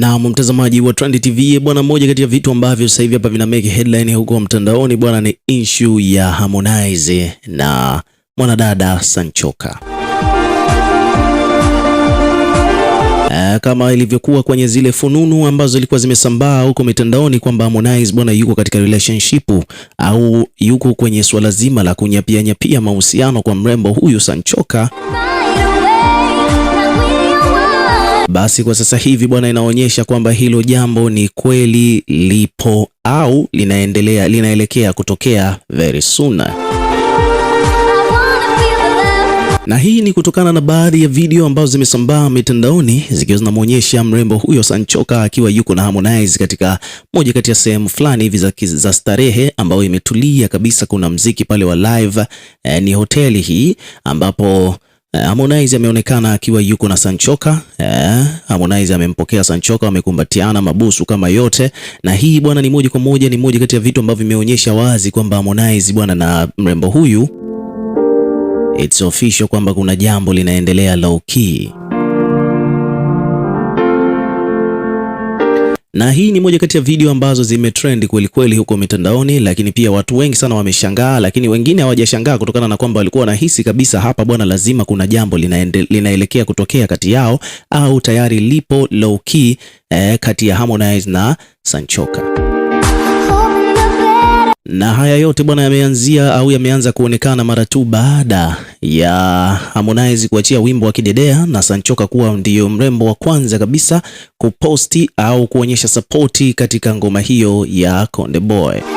Na mtazamaji wa Trend TV bwana, mmoja kati ya vitu ambavyo sasa hivi hapa vina make headline huko mtandaoni bwana, ni issue ya Harmonize na mwanadada Sanchoka. Eh, kama ilivyokuwa kwenye zile fununu ambazo zilikuwa zimesambaa huko mitandaoni kwamba Harmonize bwana yuko katika relationship au yuko kwenye suala zima la kunyapia nyapia mahusiano kwa mrembo huyu Sanchoka. Basi kwa sasa hivi bwana, inaonyesha kwamba hilo jambo ni kweli lipo au linaendelea, linaelekea kutokea very soon na hii ni kutokana na baadhi ya video ambazo zimesambaa mitandaoni zikiwa zinamwonyesha mrembo huyo Sanchoka akiwa yuko na Harmonize katika moja kati ya sehemu fulani hivi za, za starehe ambayo imetulia kabisa. Kuna mziki pale wa live eh, ni hoteli hii ambapo Eh, Harmonize ameonekana akiwa yuko na Sanchoka eh. Harmonize amempokea Sanchoka, wamekumbatiana mabusu kama yote, na hii bwana ni moja kwa moja, ni moja kati ya vitu ambavyo vimeonyesha wazi kwamba Harmonize bwana na mrembo huyu, it's official kwamba kuna jambo linaendelea low key. Na hii ni moja kati ya video ambazo zimetrend kweli kweli huko mitandaoni, lakini pia watu wengi sana wameshangaa, lakini wengine hawajashangaa kutokana na kwamba walikuwa wanahisi kabisa hapa bwana, lazima kuna jambo linaende, linaelekea kutokea kati yao au tayari lipo low key eh, kati ya Harmonize na Sanchoka na haya yote bwana yameanzia au yameanza kuonekana mara tu baada ya Harmonize kuachia wimbo wa Kidedea na Sanchoka kuwa ndiyo mrembo wa kwanza kabisa kuposti au kuonyesha sapoti katika ngoma hiyo ya Konde Boy.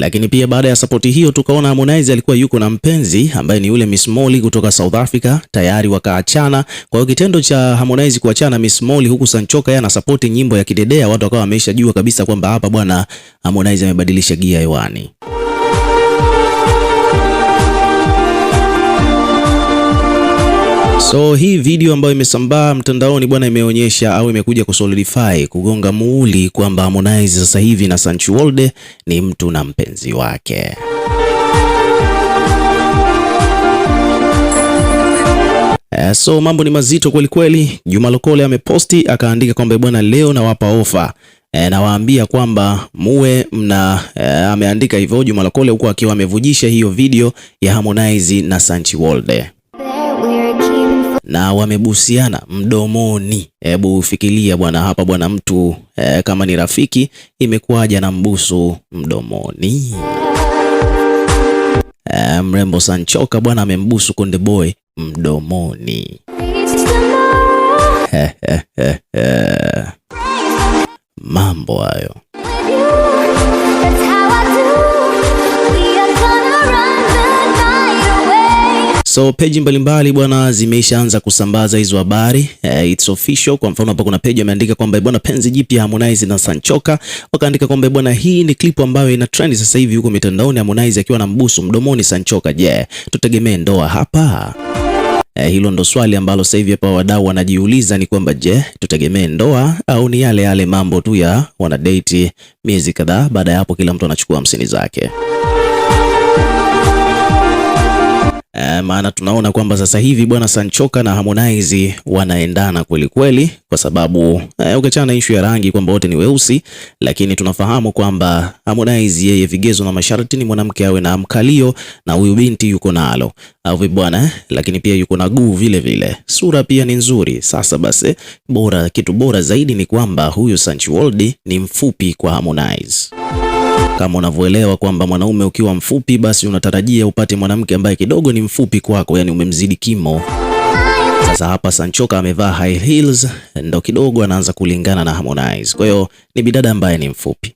Lakini pia baada ya sapoti hiyo, tukaona Harmonize alikuwa yuko na mpenzi ambaye ni yule Miss Molly kutoka South Africa, tayari wakaachana. Kwa hiyo kitendo cha Harmonize kuachana Miss Molly, huku Sanchoka yeye anasapoti nyimbo ya kidedea, watu wakawa wameisha jua kabisa kwamba hapa bwana Harmonize amebadilisha gia hewani. So hii video ambayo imesambaa mtandaoni bwana, imeonyesha au imekuja kusolidify kugonga muuli kwamba Harmonize sasa hivi na Sanchu Wolde ni mtu na mpenzi wake. Eh, so mambo ni mazito kweli kweli. Juma Lokole ameposti akaandika kwamba bwana, leo nawapa ofa e, nawaambia kwamba muwe mna e, ameandika hivyo Juma Lokole huko akiwa amevujisha hiyo video ya Harmonize na Sanchi Wolde na wamebusiana mdomoni. Hebu fikiria bwana hapa bwana, mtu e, kama ni rafiki imekuwaje na mbusu mdomoni? E, mrembo Sanchoka bwana amembusu Konde Boy mdomoni. Eh, Mambo hayo. So peji mbalimbali bwana zimeshaanza kusambaza hizo habari. Uh, it's official. Kwa mfano hapa kuna peji ameandika kwamba bwana penzi jipya Harmonize na Sanchoka, wakaandika kwamba bwana hii ni klipu ambayo ina trend sasa hivi huko mitandaoni, Harmonize akiwa na mbusu mdomoni Sanchoka. Je, yeah, tutegemee ndoa hapa? Eh, hilo ndo swali ambalo sasa hivi hapa wadau wanajiuliza ni kwamba je, tutegemee ndoa au ni yale yale mambo tu ya wanadate miezi kadhaa, baada ya hapo kila mtu anachukua hamsini zake. E, maana tunaona kwamba sasa hivi bwana Sanchoka na Harmonize wanaendana kweli kweli, kwa sababu e, ukiachana na ishu ya rangi kwamba wote ni weusi, lakini tunafahamu kwamba Harmonize yeye vigezo na masharti ni mwanamke awe na mkalio, na huyu binti yuko nalo au bwana, eh? lakini pia yuko na guu vile vile, sura pia ni nzuri. Sasa basi, bora kitu bora zaidi ni kwamba huyu Sanchi World ni mfupi kwa Harmonize. Kama unavyoelewa kwamba mwanaume ukiwa mfupi, basi unatarajia upate mwanamke ambaye kidogo ni mfupi kwako, yani umemzidi kimo. Sasa hapa Sanchoka amevaa high heels, ndo kidogo anaanza kulingana na Harmonize. Kwa hiyo ni bidada ambaye ni mfupi.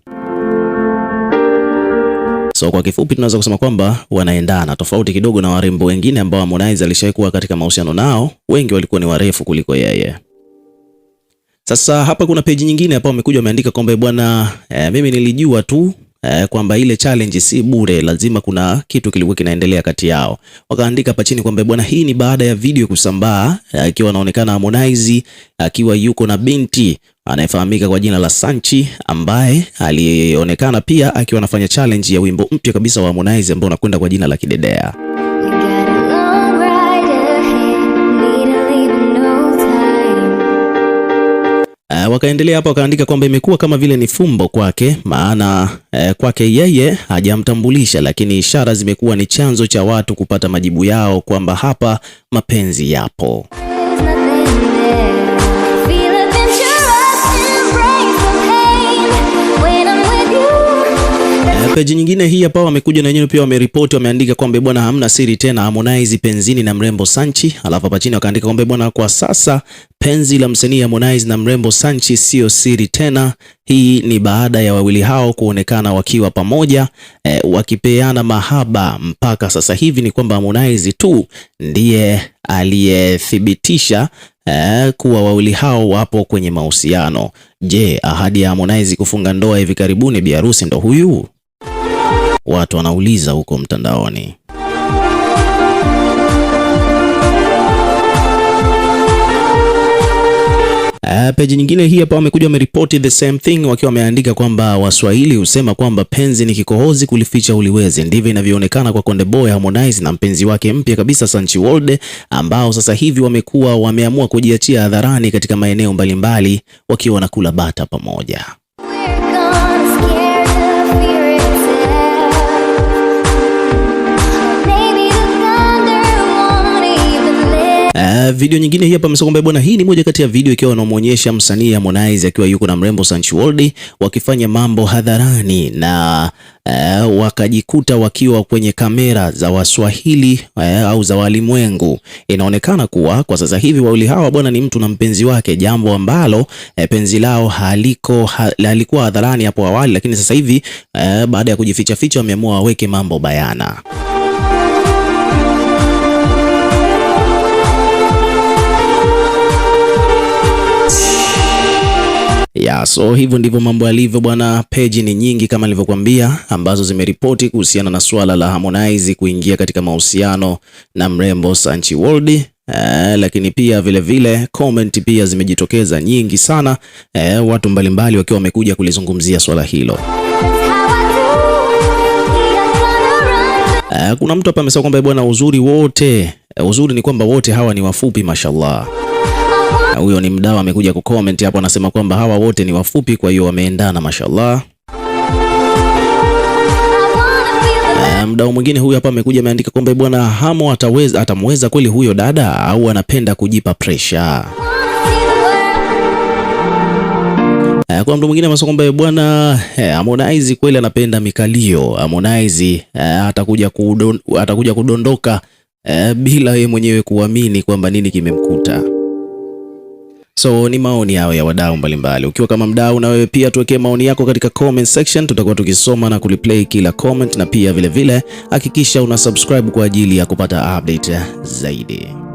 So kwa kifupi tunaweza kusema kwamba wanaendana, tofauti kidogo na warembo wengine ambao Harmonize alishawahi kuwa katika mahusiano nao, wengi walikuwa ni warefu kuliko yeye. Sasa hapa kuna peji nyingine hapa wamekuja wameandika kwamba bwana eh, mimi nilijua tu eh, kwamba ile challenge si bure, lazima kuna kitu kilikuwa kinaendelea kati yao. Wakaandika hapa chini kwamba bwana, hii ni baada ya video kusambaa, akiwa eh, anaonekana Harmonize eh, akiwa yuko na binti anayefahamika kwa jina la Sanchi ambaye alionekana pia akiwa anafanya challenge ya wimbo mpya kabisa wa Harmonize ambao unakwenda kwa jina la Kidedea. Uh, wakaendelea hapa wakaandika kwamba imekuwa kama vile ni fumbo kwake, maana uh, kwake yeye hajamtambulisha, lakini ishara zimekuwa ni chanzo cha watu kupata majibu yao kwamba hapa mapenzi yapo. Eh, peji nyingine hii hapa wamekuja na wenyewe pia wameripoti, wameandika kwamba bwana, hamna siri tena, Harmonize penzini na mrembo Sanchi. Alafu hapa chini wakaandika kwamba bwana, kwa sasa penzi la msanii Harmonize na mrembo Sanchi sio siri tena. Hii ni baada ya wawili hao kuonekana wakiwa pamoja e, wakipeana mahaba. Mpaka sasa hivi ni kwamba Harmonize tu ndiye aliyethibitisha Eh, kuwa wawili hao wapo kwenye mahusiano. Je, ahadi ya Harmonize kufunga ndoa hivi karibuni, bi harusi ndo huyu? watu wanauliza huko mtandaoni. Uh, peji nyingine hii hapa wamekuja wameripoti the same thing wakiwa wameandika kwamba Waswahili husema kwamba penzi ni kikohozi, kulificha uliwezi. Ndivyo inavyoonekana kwa Konde Boy Harmonize na mpenzi wake mpya kabisa Sanchi World, ambao sasa hivi wamekuwa wameamua kujiachia hadharani katika maeneo mbalimbali wakiwa wanakula bata pamoja. Uh, video nyingine hii hapa msokombe bwana, hii ni moja kati ya video ikiwa inamuonyesha msanii Harmonize akiwa yuko na mrembo Sanchi World wakifanya mambo hadharani na uh, wakajikuta wakiwa kwenye kamera za Waswahili uh, au za walimwengu. Inaonekana kuwa kwa sasa hivi wawili hawa bwana ni mtu na mpenzi wake, jambo ambalo uh, penzi lao haliko halikuwa hadharani hapo awali, lakini sasa hivi uh, baada ya kujificha ficha wameamua waweke mambo bayana. Yeah, so hivyo ndivyo mambo yalivyo bwana. Peji ni nyingi kama nilivyokuambia, ambazo zimeripoti kuhusiana na suala la Harmonize kuingia katika mahusiano na mrembo Sanchi World. Eh, lakini pia vile vile comment pia zimejitokeza nyingi sana eh, watu mbalimbali wakiwa wamekuja kulizungumzia swala hilo. Eh, kuna mtu hapa amesema kwamba bwana, uzuri wote uzuri ni kwamba wote hawa ni wafupi mashallah huyo ni mdau amekuja kucomment hapo, anasema kwamba hawa wote ni wafupi, kwa hiyo wameendana, mashallah. Eh, mdau mwingine huyu hapa amekuja ameandika kwamba bwana Hamo ataweza atamweza kweli huyo dada au anapenda kujipa pressure? Eh, kwa mtu mwingine amesema kwamba eh, bwana Harmonize kweli anapenda mikalio. Harmonize atakuja kudon, atakuja kudondoka bila yeye mwenyewe kuamini kwamba nini kimemkuta. So ni maoni yao ya wadau mbalimbali. Ukiwa kama mdau, na wewe pia tuwekee maoni yako katika comment section, tutakuwa tukisoma na kuliplay kila comment, na pia vilevile hakikisha vile, una subscribe kwa ajili ya kupata update zaidi.